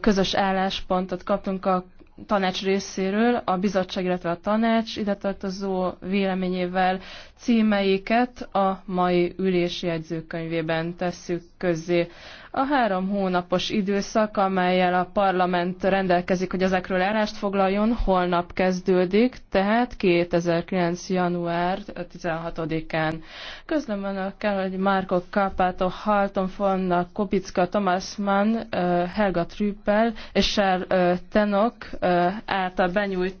közös álláspontot kaptunk a tanács részéről a bizottság, illetve a tanács ide tartozó véleményével címeiket a mai ülési jegyzőkönyvében tesszük közzé. A három hónapos időszak, amelyel a parlament rendelkezik, hogy ezekről állást foglaljon, holnap kezdődik, tehát 2009. január 16-án. Közlöm önökkel, hogy Márko Kapátó, Halton Fonna, Kopicka, Thomas Mann, Helga Trüppel és Sár Tenok által benyújt